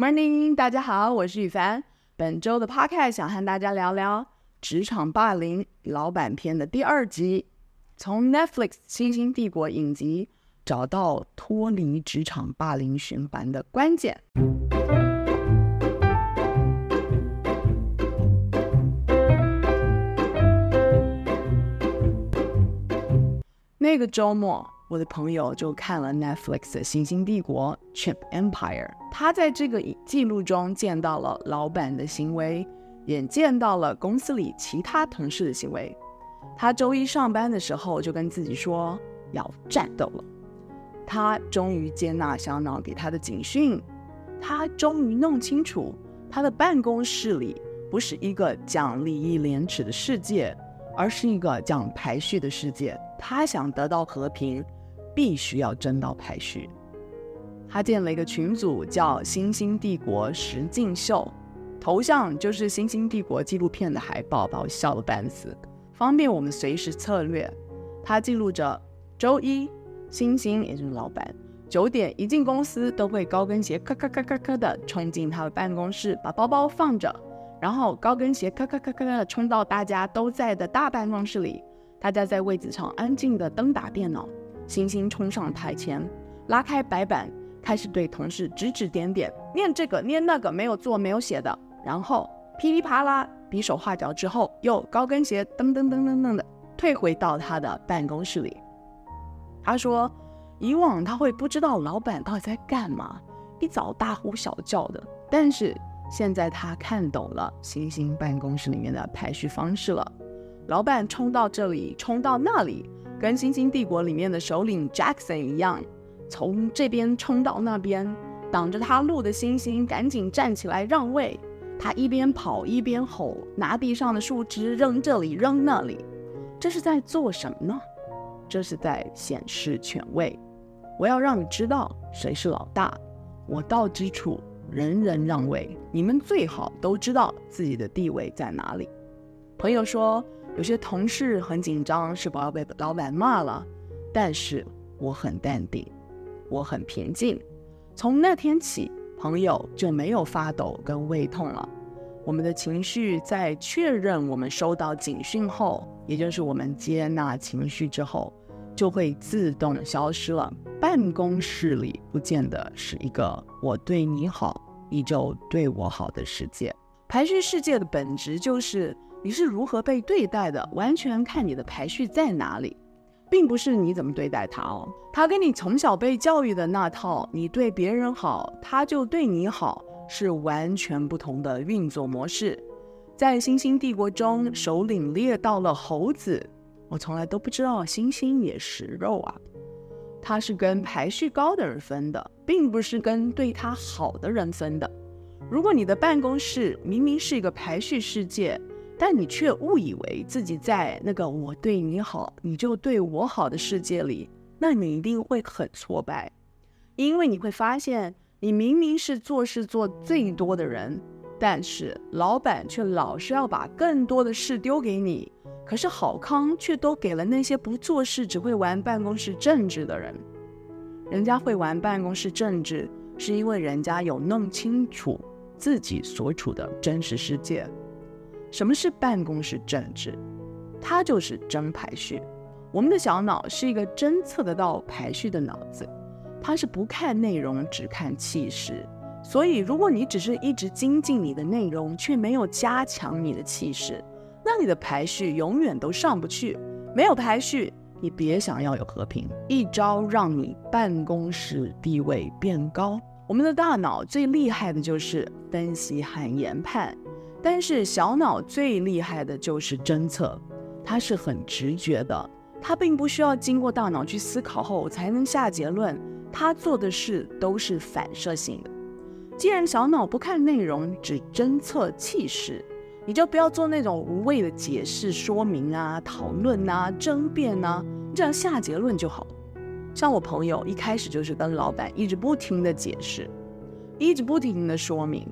Morning，大家好，我是宇凡。本週的 podcast 想和大家聊聊職場霸凌，老闆篇，的第二集，從 Netflix 猩猩帝國影集，找到脫離職場霸凌循環的關鍵。那個週末，我的朋友就看了 Netflix 的《猩猩帝國》（Chimp Empire），他在這個記錄中見到了老板的行為，也見到了公司裡其他同事的行為。他周一上班的時候就跟自己說要戰鬥了。他終於接納小腦給他的警訊，他終於弄清楚他的辦公室裡不是一個講禮義廉恥的世界，而是一個講排序的世界。他想得到和平。必須要爭到排序。他建了一個群組，叫“猩猩帝國實境秀”，頭像就是《猩猩帝國》紀錄片的海報，把我笑了半死。方便我們隨時策略。他記錄着：周一，猩猩也就是老闆，九點一進公司，都會高跟鞋咔咔咔咔咔的衝進他的辦公室，把包包放着，然後高跟鞋咔咔咔咔的衝到大家都在的大辦公室裡，大家在位子上安靜的登打電腦。星星衝上台前，拉開白板，開始對同事指指點點，念這個念那個沒有做沒有寫的，然後噼里啪啦，比手畫腳之後，又高跟鞋噔噔噔噔噔的退回到他的辦公室裡。他說，以往他會不知道老闆到底在幹嘛，一早大呼小叫的，但是現在他看懂了猩猩辦公室裡面的排序方式了，老闆衝到這裡，衝到那裡。跟《猩猩帝國》裡面的首領 Jackson 一樣，從這邊衝到那邊，擋着他路的猩猩趕緊站起來讓位。他一邊跑一邊吼，拿地上的樹枝扔這裡扔那裡，這是在做什麼呢？這是在顯示權威。我要讓你知道誰是老大，我到之處人人讓位。你們最好都知道自己的地位在哪裡。朋友說。有些同事很緊張，是否要被老闆罵了。但是我很淡定，我很平靜。從那天起，朋友就沒有發抖跟胃痛了。我們的情緒在確認我們收到警訊後，也就是我們接納情緒之後，就會自動消失了。辦公室裡不見得是一個我對你好你就對我好的世界。排序世界的本質就是。你是如何被對待的，完全看你的排序在哪裡，並不是你怎麼對待他哦。他跟你從小被教育的那套“你對別人好，他就對你好”是完全不同的運作模式。在《猩猩帝國》中，首領獵到了猴子，我從來都不知道猩猩也食肉啊！他是跟排序高的人分的，並不是跟對他好的人分的。如果你的辦公室明明是一個排序世界，但你卻誤以為自己在那個“我對你好，你就對我好”的世界裡，那你一定會很挫敗，因為你會發現，你明明是做事做最多的人，但是老闆卻老是要把更多的事丟給你，可是好康卻都給了那些不做事、只會玩辦公室政治的人。人家會玩辦公室政治，是因為人家有弄清楚自己所處的真實世界。什麼是辦公室政治？它就是爭排序。我們的小腦是一個偵測得到排序的腦子，它是不看內容，只看氣勢。所以，如果你只是一直精進你的內容，卻沒有加強你的氣勢，那你的排序永遠都上不去。沒有排序，你別想要有和平。一招讓你辦公室地位變高。 我們的大腦最厲害的就是分析和研判。但是小腦最厲害的就是偵測，它是很直覺的，它並不需要經過大腦去思考後才能下結論，它做的事都是反射性的。既然小腦不看內容，只偵測氣勢，你就不要做那種無謂的解釋說明啊、討論啊、爭辯啊，這樣下結論就好。像我朋友一開始就是跟老板一直不停的解釋，一直不停的說明，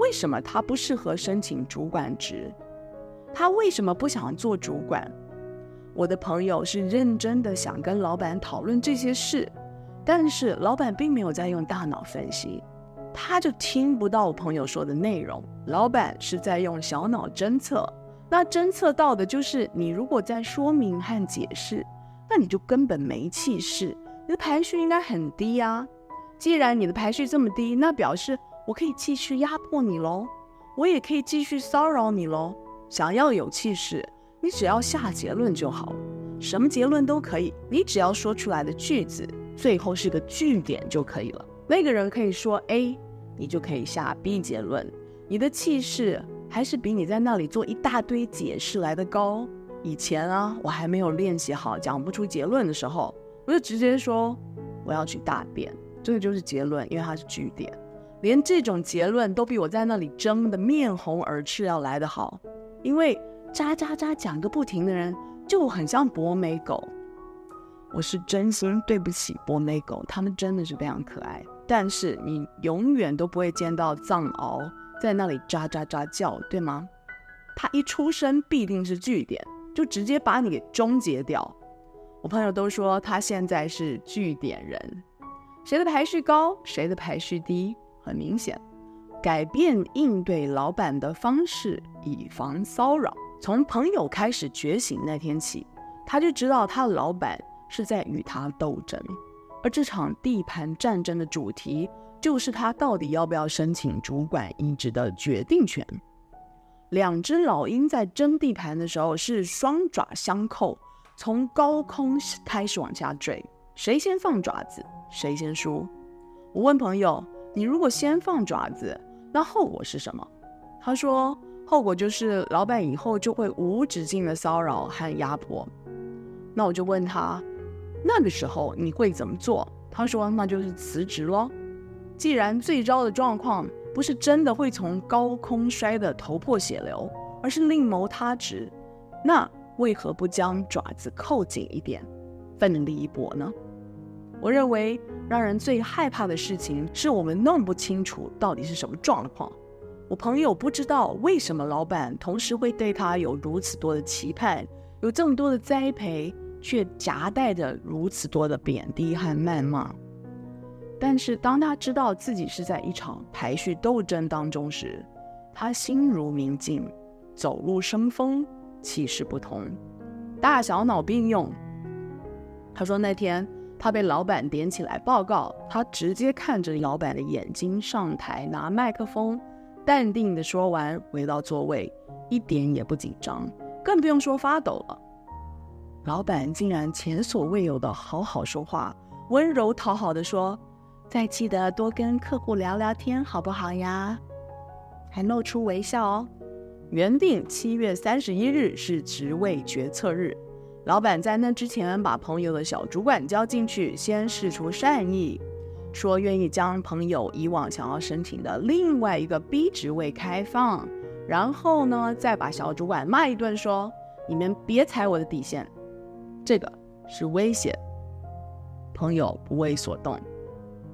為什麼他不適合申請主管職？他為什麼不想做主管？我的朋友是認真的想跟老板討論這些事，但是老板並沒有在用大腦分析，他就聽不到我朋友說的內容。老板是在用小腦偵測，那偵測到的就是你如果在說明和解釋，那你就根本沒氣勢，你的排序應該很低呀。既然你的排序這麼低，那表示，我可以繼續壓迫你嘍，我也可以繼續騷擾你嘍。想要有氣勢，你只要下結論就好，什麼結論都可以，你只要說出來的句子最後是個句點就可以了。那個人可以說 A，你就可以下 B 結論。你的氣勢還是比你在那裡做一大堆解釋來得高。以前啊，我還沒有練習好講不出結論的時候，我就直接說我要去大便，這個就是結論，因為它是句點。連這種結論都比我在那裡爭得面紅耳赤要來得好，因為喳喳喳講個不停的人就很像博美狗。我是真心對不起博美狗，它們真的是非常可愛。但是你永遠都不會見到藏獒在那裡喳喳喳叫，對嗎？它一出聲必定是句點，就直接把你給終結掉。我朋友都說他現在是句點人，誰的排序高，誰的排序低？很明顯，改變應對老板的方式，以防騷擾。從朋友開始覺醒那天起，他就知道他的老板是在與他鬥爭。而這場地盤戰爭的主題，就是他到底要不要申請主管一職的決定權。兩隻老鷹在爭地盤的時候是雙爪相扣，從高空開始往下墜，誰先放爪子，誰先輸。我問朋友。你如果先放爪子，那後果是什麼？他說，後果就是老板以後就會無止境的騷擾和壓迫。那我就問他，那個時候你會怎麼做？他說，那就是辭職嘍。既然最糟的狀況不是真的會從高空摔得頭破血流，而是另謀他職，那為何不將爪子扣緊一點，奮力一搏呢？我認為，讓人最害怕的事情是我們弄不清楚到底是什麼狀況。我朋友不知道為什麼老板同時會對他有如此多的期盼，有這麼多的栽培，卻夾帶着如此多的貶低和謾罵。但是當他知道自己是在一場排序鬥爭當中時，他心如明鏡，走路生風，氣勢不同，大小腦並用。他說那天，他被老闆點起來報告，他直接看着老闆的眼睛上台拿麥克風，淡定的說完，回到座位，一點也不緊張，更不用說發抖了。老闆竟然前所未有的好好說話，溫柔討好的說：“再記得多跟客戶聊聊天，好不好呀？”還露出微笑哦。原定七月三十一日是職位決策日。老闆在那之前把朋友的小主管叫進去，先釋出善意，說願意將朋友以往想要申請的另外一個 B 職位開放，然後呢，再把小主管罵一頓說，說你們別踩我的底線，這個是威脅。朋友不為所動，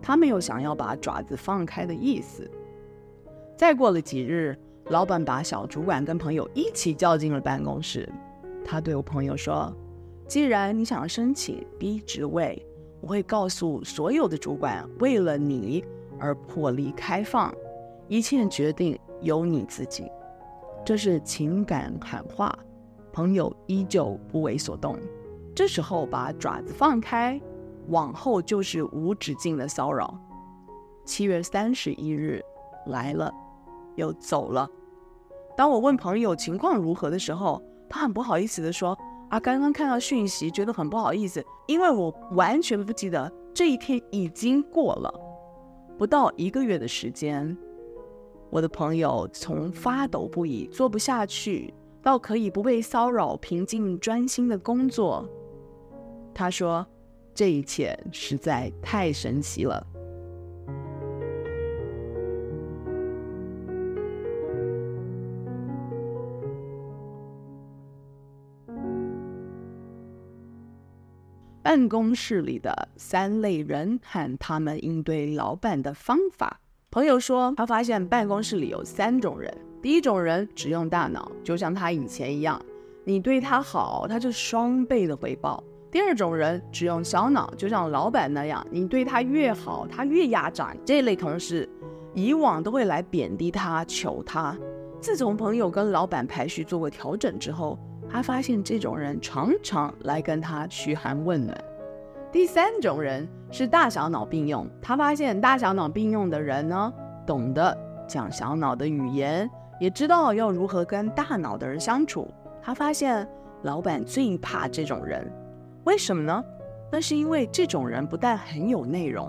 他沒有想要把爪子放開的意思。再過了幾日，老闆把小主管跟朋友一起叫進了辦公室。他對我朋友說：“既然你想要申請 B 職位，我會告訴所有的主管，為了你而破例開放，一切決定由你自己。”這是情感喊話，朋友依舊不為所動。這時候把爪子放開，往後就是無止境的騷擾。七月三十一日來了，又走了。當我問朋友情況如何的時候，他很不好意思地說：“啊，剛剛看到訊息，覺得很不好意思，因為我完全不記得這一天已經過了，不到一個月的時間，我的朋友從發抖不已、做不下去，到可以不被騷擾、平靜專心的工作。他說，這一切實在太神奇了。”辦公室裡的三類人和他們應對老闆的方法。朋友說，他發現辦公室裡有三種人：第一種人只用大腦，就像他以前一樣，你對他好，他就雙倍的回報；第二種人只用小腦，就像老闆那樣，你對他越好，他越壓榨。這類同事以往都會來貶低他、求他。自從朋友跟老闆排序做過調整之後，他發現這種人常常來跟他噓寒問暖。第三種人是大小腦並用。他發現大小腦並用的人呢，懂得講小腦的語言，也知道要如何跟大腦的人相處。他發現老闆最怕這種人，為什麼呢？那是因為這種人不但很有內容，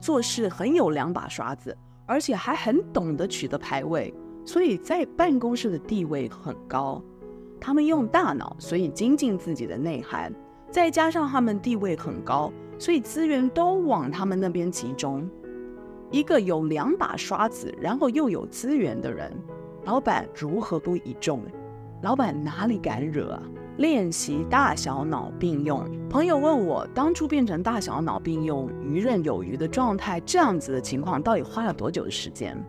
做事很有兩把刷子，而且還很懂得取得排位，所以在辦公室的地位很高。他們用大腦，所以精進自己的內涵，再加上他們地位很高，所以資源都往他們那邊集中。一個有兩把刷子，然後又有資源的人，老板如何不倚重？老板哪裡敢惹啊？練習大小腦並用。朋友問我，當初變成大小腦並用、游刃有餘的狀態，這樣子的情況到底花了多久的時間？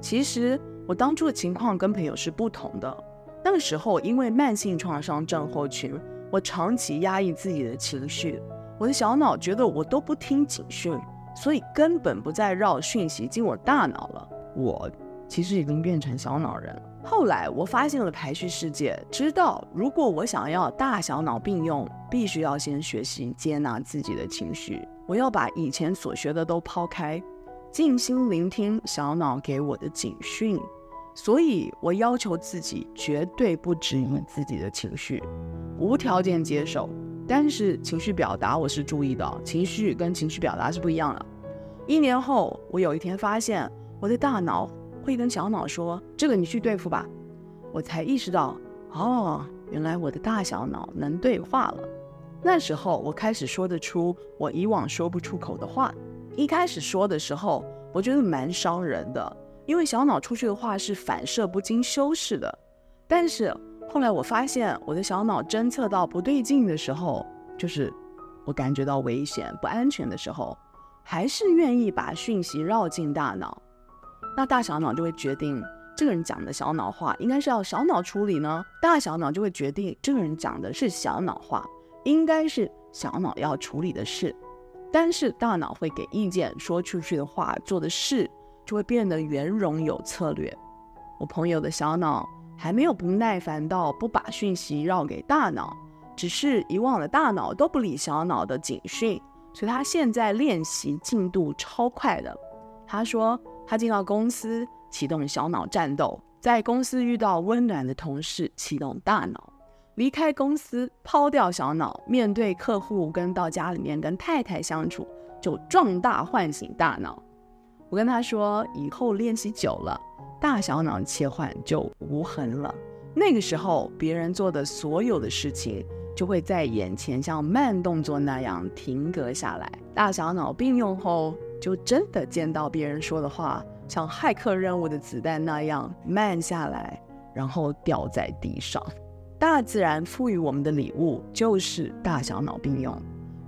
其實我當初的情況跟朋友是不同的。那個時候，因為慢性創傷症候群，我長期壓抑自己的情緒，我的小腦覺得我都不聽警訊，所以根本不再繞訊息進我大腦了。我其實已經變成小腦人了。後來我發現了排序世界，知道如果我想要大小腦並用，必須要先學習接納自己的情緒。我要把以前所學的都拋開，靜心聆聽小腦給我的警訊。所以我要求自己絕對不指引自己的情緒，無條件接受。但是情緒表達我是注意的，情緒跟情緒表達是不一樣的。一年後，我有一天發現我的大腦會跟小腦說：“這個你去對付吧。”我才意識到，哦，原來我的大小腦能對話了。那時候我開始說得出我以往說不出口的話。一開始說的時候，我覺得蠻傷人的。因為小腦出去的話是反射不經修飾的，但是後來我發現，我的小腦偵測到不對勁的時候，就是我感覺到危險、不安全的時候，還是願意把訊息繞進大腦。那大小腦就會決定，這個人講的小腦話應該是要小腦處理呢。大小腦就會決定，這個人講的是小腦話，應該是小腦要處理的事。但是大腦會給意見，說出去的話、做的事，就會變得圓融有策略。我朋友的小腦還沒有不耐煩到不把訊息繞給大腦，只是以往的大腦都不理小腦的警訊，所以他現在練習進度超快的。他說他進到公司啟動小腦戰鬥，在公司遇到溫暖的同事啟動大腦，離開公司拋掉小腦，面對客戶跟到家裡面跟太太相處，就壯大喚醒大腦。我跟他說，以後練習久了，大小腦切換就無痕了。那個時候，別人做的所有的事情就會在眼前像慢動作那樣停格下來。大小腦併用後，就真的見到別人說的話像駭客任務的子彈那樣慢下來，然後掉在地上。大自然賦予我們的禮物就是大小腦併用，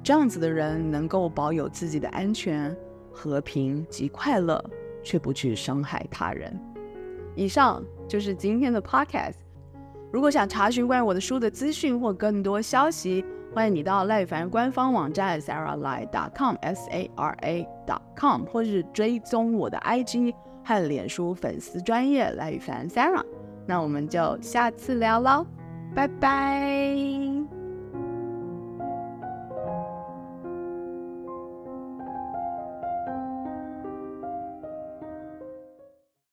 這樣子的人能夠保有自己的安全、和平及快樂，卻不去傷害他人。以上就是今天的 podcast。如果想查詢關於我的書的資訊或更多消息，歡迎你到賴宇凡官方網站 saralye.com，s a r a l y e .com 或是追蹤我的 IG 和臉書粉絲專頁賴宇凡 Sara。那我們就下次聊嘍，拜拜。